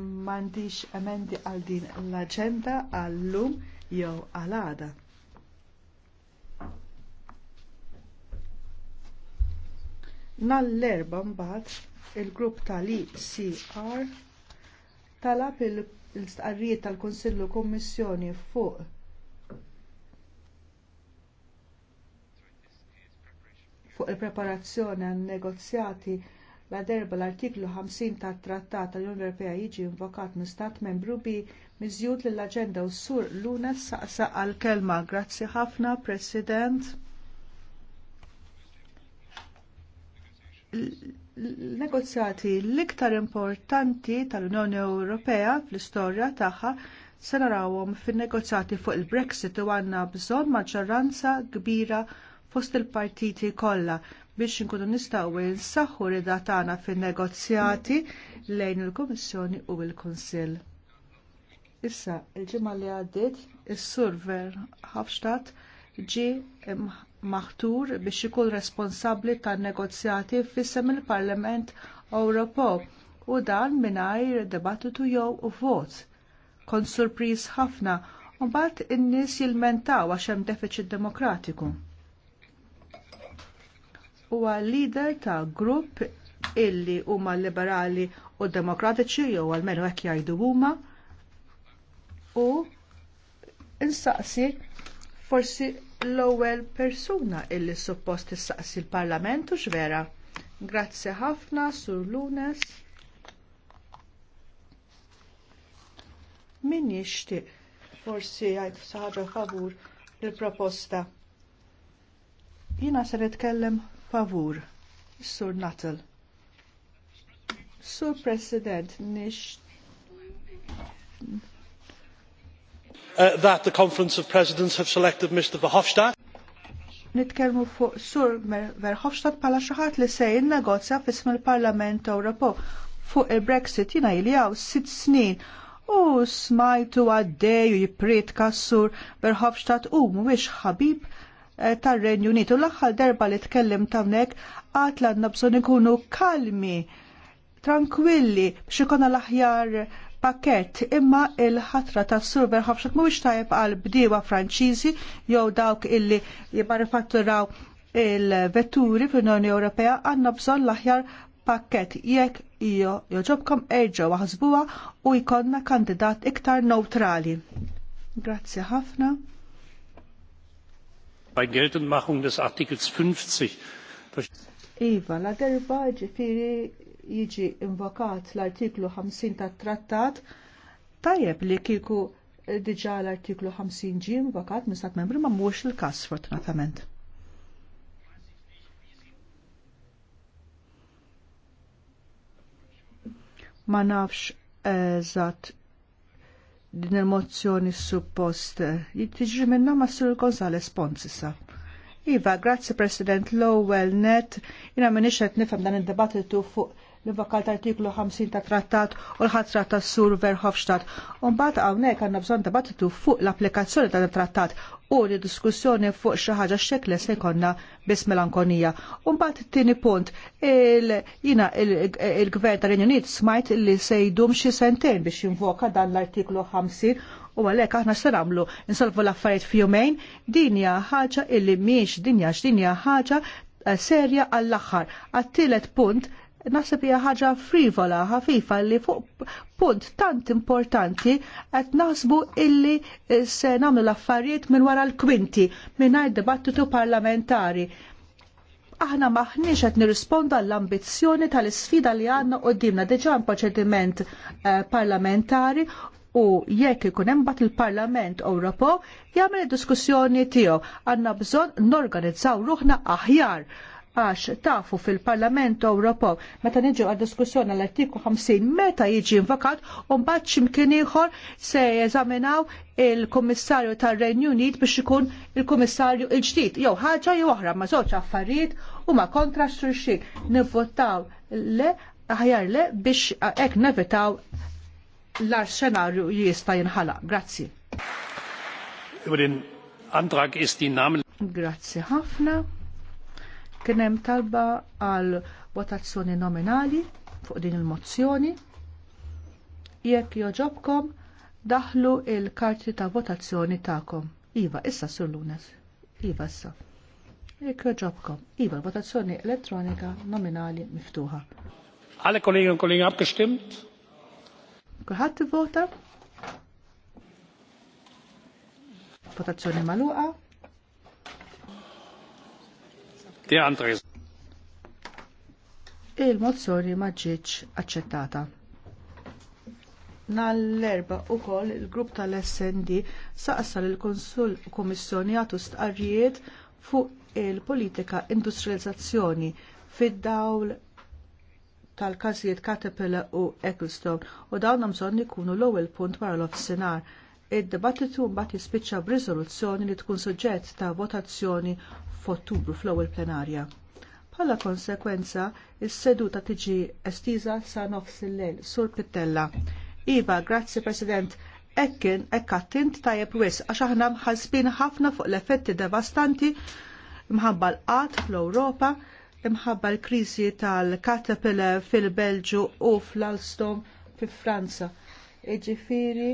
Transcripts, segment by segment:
m'għandix emendi għal din l-aġenda għallum jew għal għada. Nall-erba mbagħad il-grupp tal-ICR talab il-istqarrijiet tal-Konsillu Kommissjoni fuq fuq il-preparazzjoni għan negozjati la derba l-artiklu 50 tat trattat tal-Unjoni Ewropea jiġi invokat minn stat membru bi miżjud lill aġenda u sur luna saqsa għal kelma Grazzi ħafna, President. Negozjati l-iktar importanti tal-Unjoni Ewropea fl-istorja tagħha se narawhom fin-negozjati fuq il-Brexit u għandna bżonn maġġoranza kbira fost il-partiti kollha biex nkunu nistgħu nsaħħu rida tagħna fin-negozjati lejn il-Kummissjoni u l-Kunsill. Issa, il-ġimgħa li għaddiet, is-Surver Hafstadt ġie maħtur biex ikun responsabbli tan-negozjati fissem il-Parlament Ewropew u dan mingħajr debattitu jew vot. Kont surpriż ħafna u mbagħad in-nies jilmentaw għax hemm deficit demokratiku huwa leader ta' grupp illi huma liberali u demokratiċi jew almenu hekk jgħidu huma u insaqsi forsi l-ewwel persuna illi suppost issaqsi l-Parlament u x'vera. Grazzi ħafna sur Lunes. Min jixtieq forsi għajt saħġa favur il-proposta. Jina se nitkellem favur. Sur Natal. Sur President, nish... Uh, that the Conference of Presidents have selected Mr Verhofstadt. Nitkelmu fuq Sur Verhofstadt pala xaħat li sej il-negozja f'ism il-Parlament Ewropew fuq il-Brexit jina jiljaw sit snin u smajtu għaddej u jipriet kassur Verhofstadt u mwix ħabib Eh, tar-Renju Unitu. L-aħħar darba li tkellem tamnek għat l-għadna bżon ikunu kalmi, tranquilli biex ikona l-aħjar pakket imma il-ħatra ta' Sur Verhofstadt mhuwiex tajjeb għal bdiwa Franċiżi jew dawk illi jibarifatturaw il-vetturi fl-Unjoni Ewropea għandna bżonn l-aħjar pakket jekk jo joġobkom erġgħu waħsbuha u jkollna kandidat iktar neutrali. Grazzi ħafna bei Geltendmachung des Artikels 50. Iva, la derba ġifiri jiġi invokat l-artiklu 50 tat trattat, tajjeb li kieku diġà l-artiklu 50 ġie invokat minn stat membri ma mhuwiex il każ fortunatament. Ma nafx eżatt din il-mozzjoni suppost jittiġri minna ma' Sur Gonzales Ponsisa. Iva, grazie President Lowell Net, jina minix qed nifhem dan il-debattitu fuq l-vakal tal-artiklu 50 ta' trattat u l-ħatra ta' Sur Verhofstadt. Umbat għawnek għanna bżon dibattitu fuq l-applikazzjoni ta' trattat u li diskussjoni fuq xi ħaġa xekle se jkollna biss melankonija. Umbat tieni punt, jina il-gvern tal-Renju Unit smajt li se jdum xi sentejn biex jinvoka dan l-artiklu 50 u għalek aħna se nagħmlu Nsolvu l-affarijiet f'jumejn, din hija ħaġa illi mhix dinja x'dinja ħaġa eh, serja għall-aħħar. Għat-tielet punt naħseb hija ħaġa frivola ħafifa li fuq punt tant importanti qed naħsbu illi se nagħmlu l-affarijiet minn wara l-kwinti mingħajr dibattitu parlamentari. Aħna maħniex qed nirrispondu għall-ambizzjoni tal-isfida li għandna qudiemna diġà proċediment eh, parlamentari u jekk ikun hemm bat il-Parlament Ewropew jagħmel id-diskussjoni tiegħu għandna bżonn norganizzaw ruħna aħjar għax tafu fil-Parlament Ewropew meta niġu għad diskussjoni l artiklu 50 meta jiġi invokat u mbagħad x'imkien ieħor se jeżaminaw il-Kummissarju tar-Renju Unit biex ikun il-Kummissarju l-ġdid. Jew ħaġa jew oħra ma żewġ affarijiet huma kontra xulxin. Nivvotaw le ħajar le biex hekk nevitaw l-arsenarju jista' jinħalaq. Grazzi. Über den Antrag ist die Namen. Grazzi ħafna. Kien hemm talba għal votazzjoni nominali fuq din il-mozzjoni. Jekk joġobkom, daħlu il-karti ta' votazzjoni tagħkom. Iva, issa sur lunes. Iva, issa. Jekk joġobkom, iva, votazzjoni elettronika nominali miftuħa. Alle kollegi u kollegi abgestimmt? Kulħadd ivvota? Votazzjoni maluqa? Il-mozzjoni ma ġietx aċċettata. Nall-erba u koll il-grupp tal-SND saqsa l-Konsul u Komissjoni għatu stqarrijiet fuq il-politika industrializzazzjoni fid-dawl tal-każijiet Caterpillar u Ecclestone u dawn bżonn ikunu l-ewwel punt wara l-offsinar id-dibattitu mbagħad jispiċċa b'riżoluzzjoni li tkun suġġett ta' votazzjoni f'Ottubru fl-ewwel plenarja. Bħala konsekwenza, is-seduta tiġi estiża sa nofs il-lejl sur Pittella. Iva, grazzi President, ekkin attint tajjeb wis għax aħna mħassbin ħafna fuq l-effetti devastanti mħabba l-qat fl-Ewropa, imħabba l-kriżi tal-Caterpillar fil-Belġu u fl-Alstom fi Franza. Iġifiri,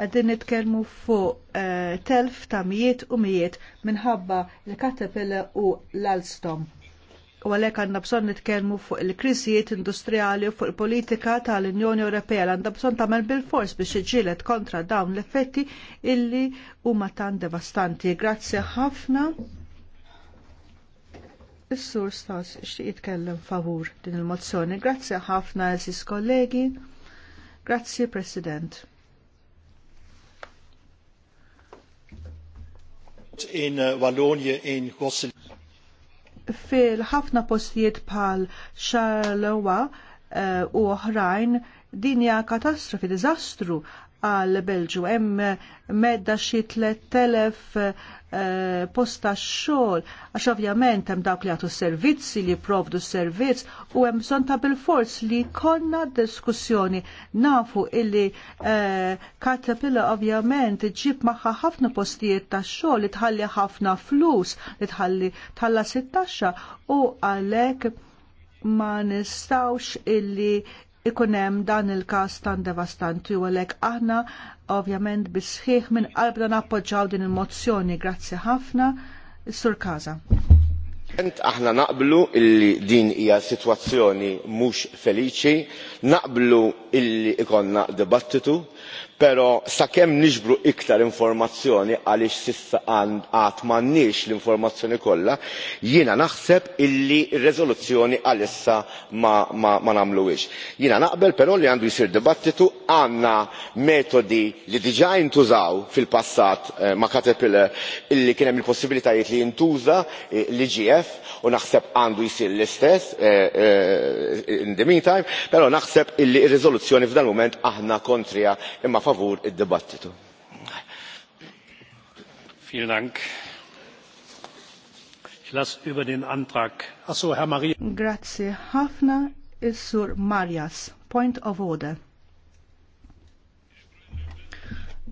għaddin nitkellmu fuq eh, telf ta' mijiet u mijiet minħabba l katapilla u l-Alstom. U għalhekk għandna bżonn nitkellmu fuq il-kriżijiet industrijali u fuq il-politika tal-Unjoni Ewropea għanna bżon bżonn tagħmel bil-fors biex iġilet kontra dawn l-effetti illi huma matan devastanti. Grazzi ħafna. Is-sur stas xtieq jitkellem favur din il-mozzjoni. Grazzi ħafna eżis kollegi. Grazzi President. bijvoorbeeld in uh, Wallonia in Gossel. Fil-ħafna postijiet pal Charleroi uh, u oħrajn dinja katastrofi, dizastru, għal Belġu. Hemm medda xi 3000 eh, posta xogħol għax ovvjament hemm dawk li għatu servizzi li jipprovdu servizz u hemm bżonn ta' bilfors li jkollna diskussjoni nafu illi eh, Caterpillar ovvjament ġib magħha ħafna postijiet ta' xogħol li tħalli ħafna flus li tħalli tħalla sittaxxa u għalhekk ma nistawx illi ikun hemm dan il-każ tan devastanti u għalhekk aħna ovvjament bisħiħ minn qalbna nappoġġaw din il-mozzjoni. Grazzi ħafna, Sur Kaza. Aħna naqblu illi din hija sitwazzjoni mhux feliċi, naqblu illi ikonna dibattitu, pero sakemm niġbru iktar informazzjoni għaliex sissa għad m'għandniex l-informazzjoni kollha, jiena naħseb illi r-reżoluzzjoni għalissa ma, ma, ma nagħmluhiex. Jiena naqbel però li għandu jsir dibattitu għandna metodi li diġà jintużaw fil-passat eh, ma' Caterpillar illi kien hemm il-possibilitajiet li jintuża eh, l MFF u naħseb għandu jisir l-istess eh, eh, in the meantime, pero naħseb illi il riżoluzzjoni f'dan moment aħna kontrija imma favur id-dibattitu. Vielen Dank. Ich lasse über den Antrag. Achso, Herr Maria. Grazie. Hafna ist sur Marias. Point of order.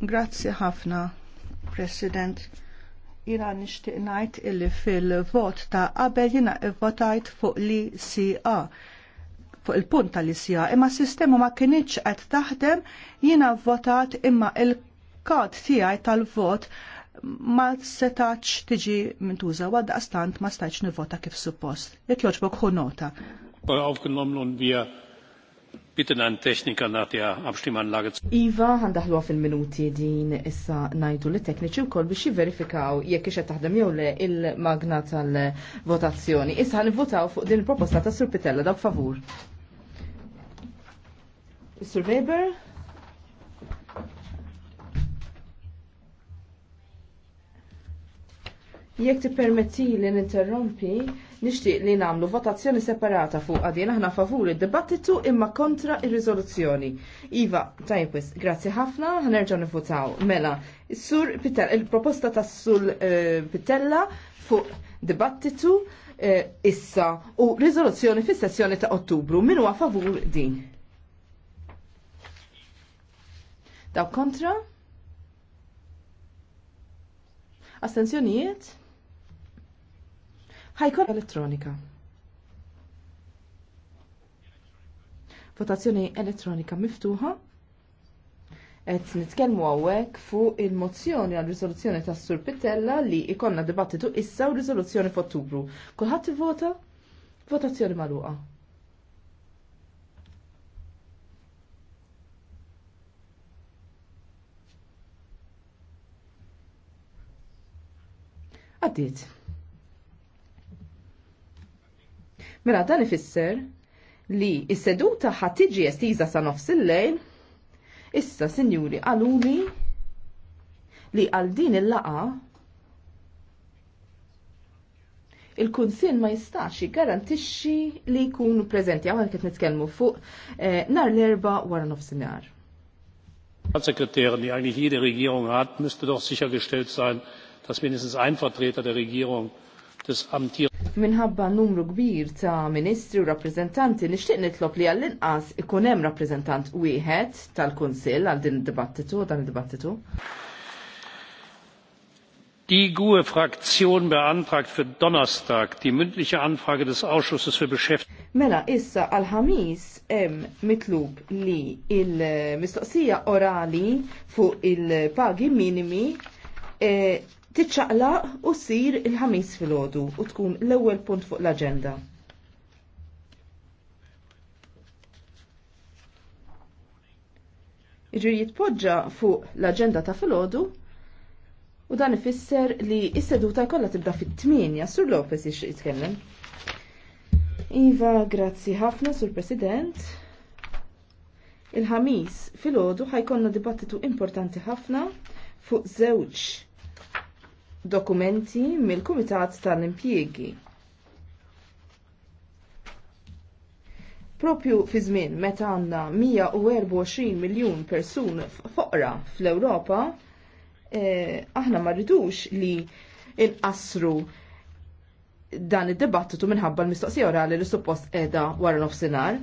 Grazie Hafna, Präsident. Jina nishtiq najt illi fil-vot ta' qabel jina votajt fuq li CA fuq il-punt tal-ICA imma sistema ma kienieċ qed taħdem jina votat imma il-kod tiegħi tal-vot ma setax tiġi mintuża wa stant ma staċ nivota kif suppost. Jek joġbok hu nota. Aufgenommen und wir Iva, għandaħluwa fil-minuti din issa najdu li tekniċi u kol biex jiverifikaw jekk ixet taħdem jew le il-magna tal-votazzjoni. Issa għan votaw fuq din il-proposta ta' Sur Pitella, dawk favur. Sur Weber? Jekk tippermetti li ninterrompi, nixtieq li nagħmlu votazzjoni separata fuq għadien aħna favur id-dibattitu imma kontra ir-riżoluzzjoni. Iva, tajbis, grazzi ħafna, ħanerġgħu nifutaw. Mela, sur Pitella, il-proposta tas sur eh, Pitella fuq dibattitu eh, issa u riżoluzzjoni fis-sessjoni ta' Ottubru. Min huwa favur din? Daw kontra? Astenzjonijiet? ħajkun elettronika. Votazzjoni elettronika miftuħa. Et nitkellmu għawek fuq il-mozzjoni għal risoluzzjoni ta' Sur Pittella li ikonna dibattitu issa u risoluzzjoni f'Ottubru. Kulħadd vota? Votazzjoni magħluqa. Għaddit. Mela dan ifisser li is-seduta ħadd tiġi estiża sa nofs il-lejl. Issa, sinjuri, għaluli li għal din il-laqa il-kunsin ma jistax garantixxi li jkunu preżenti għawek kif nitkellmu fuq eh, nar l-erba wara nofs il-nar. Staatssekretärin, die eigentlich jede Regierung hat, müsste doch sichergestellt sein, dass mindestens ein Vertreter der Regierung des Amtier minħabba numru kbir ta' ministri u rappresentanti nixtieq nitlob li għall-inqas ikun hemm rappreżentant wieħed tal-Kunsill għal din id-dibattitu dan id-dibattitu. Die GUE Fraktion beantragt für Donnerstag die mündliche Anfrage des Ausschusses für Beschäftigung. Mela issa għal ħamis hemm mitlub li il-mistoqsija orali fuq il-pagi minimi eh, tiċċaqlaq u ssir il-ħamis filgħodu u tkun l-ewwel punt fuq l-aġenda. Iġri jitpoġġa fuq l-aġenda ta' filgħodu u dan ifisser li s-seduta jkollha tibda fit-8 Sur Lopez jixtieq jitkellem. Iva, grazzi ħafna sur President. Il-ħamis filgħodu ħajkonna dibattitu importanti ħafna fuq żewġ dokumenti mill-Kumitat tal-Impjiegi. Propju fi żmien meta għandna 124 miljun persun foqra fl-Ewropa, eh, aħna ma rridux li inqasru dan id-debattitu minħabba l-mistoqsija orali li suppost edha wara nofsinhar.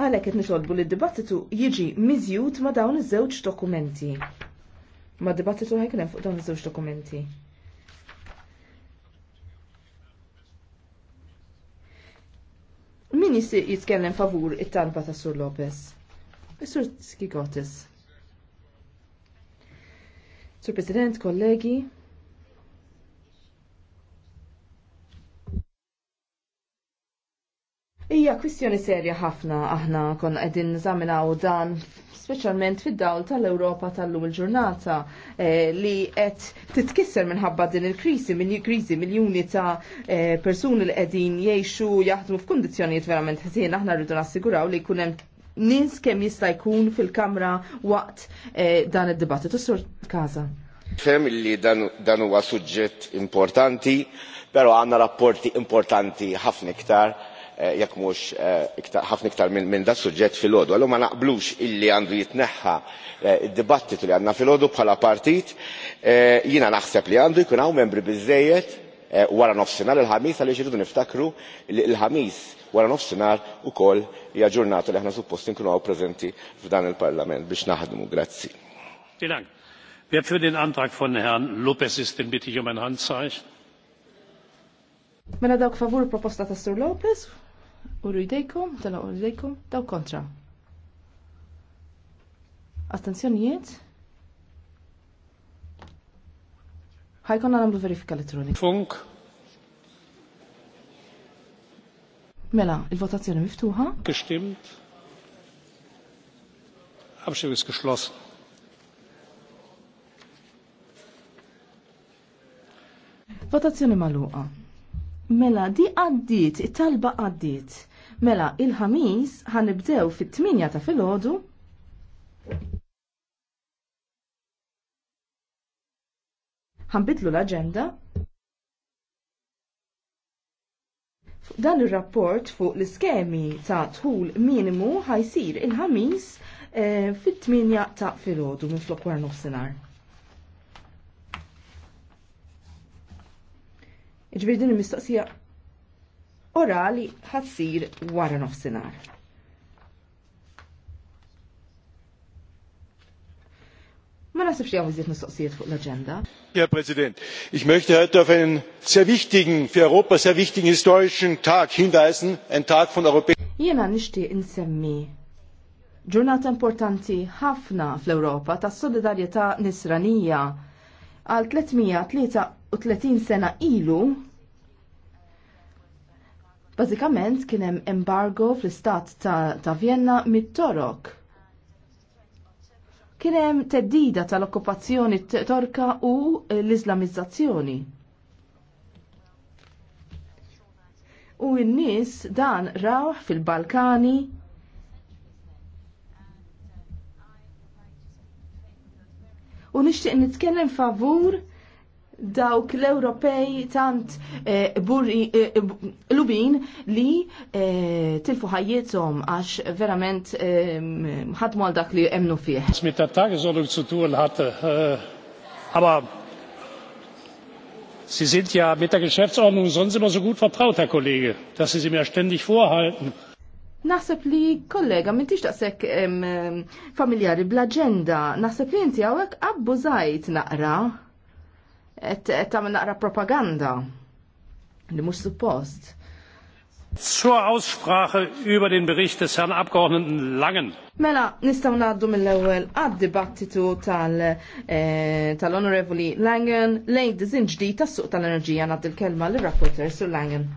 Għalhekk qed nitolbu li d-dibattitu jiġi miżjud ma' dawn iż-żewġ dokumenti. Ma' dibattitu ħajkun hemm fuq dawn iż-żewġ dokumenti. Min jitkellem favur it-talba ta' Sur Lopez? Sur Skikotis. Sur President, kollegi, Ija kwistjoni serja ħafna aħna konna qegħdin nżaminaw dan speċjalment fid-dawl tal-Ewropa tal-lum il-ġurnata eh, li qed titkisser minħabba din il-krisi, minn krisi miljuni ta' eh, persuni li qegħdin jgħixu jaħdmu f'kundizzjonijiet verament ħażin aħna rridu nassiguraw li jkun hemm nins kemm jista' jkun fil-kamra waqt eh, dan id-dibattitu sur kaza. Fem li dan huwa suġġett importanti, però għandna rapporti importanti ħafna iktar Eh, jekk mhux eh, ħafna iktar minn da suġġett fil-ħodu. Allura ma naqblux illi għandu jitneħħa eh, id-dibattitu li għandna fil-ħodu bħala partit, jiena naħseb li għandu jkun hawn membri biżejjed wara nofsinhar il-ħamis għaliex irridu niftakru li il-ħamis wara nofsinhar ukoll hija ġurnata li aħna suppost inkunu għaw preżenti f'dan il-Parlament biex naħdmu. Grazzi. Wer für den Antrag von Herrn Lopez ist, den bitte ich um ein Handzeichen. Mela dawk favur proposta ta' Sur Lopez, Uru tala uru daw kontra. Attenzjonijiet. Ħajkon għanamlu verifika elettronika. Funk. Mela, il-votazzjoni miftuħa. Gestimmt. Għabxie ist geschlossen. Votazzjoni maluqa. Mela, di għaddit, it-talba għaddit. Mela, il-ħamis ħanibdew fit-8 ta' filgħodu. Ħanbidlu l-aġenda. Dan ir-rapport fuq l-iskemi ta' tħul minimu ħajsir il-ħamis eh, fit-8 ta' filodu minn flok war nofsinhar. Iġbir din il-mistoqsija orali ħassir wara nofsinar. Ma nasibx jaw iżiet mistoqsijiet fuq l-agenda. Herr Präsident, ich möchte heute auf einen sehr wichtigen, für Europa sehr wichtigen historischen Tag hinweisen, ein Tag von europäischen. Jena nishti insemmi ġurnata importanti ħafna fl europa ta' solidarieta nisranija għal 333 sena ilu Bazzikament kien hemm embargo fl-istat ta', ta Vienna mit-Torok. Kien hemm teddida tal-okkupazzjoni torka u l-Islamizzazzjoni. U n-nies dan rawh fil-Balkani u nishtiq nitkellem favur dawk l-Ewropej tant eh, eh, eh, lubin li tilfu ħajjithom għax verament ħadmu għal dak li jemnu fih. Smita tag żoluk zutu l-ħat. Aber si sind ja mit der Geschäftsordnung sonst immer so gut vertraut, Herr Kollege, dass Sie sie mir ständig vorhalten. Naħseb li kollega minn taqsek familjari bl-agenda, naħseb li inti għawek abbużajt naqra, et għamil naqra propaganda li mux suppost. Zur Aussprache über den Bericht des Herrn Abgeordneten Langen. Mela, nistaw naddu mill-ewel għad-dibattitu eh, tal-Onorevoli Langen lejn dizin ġdijt tas-suq tal-enerġija nad il-kelma l-rapporter sur Langen.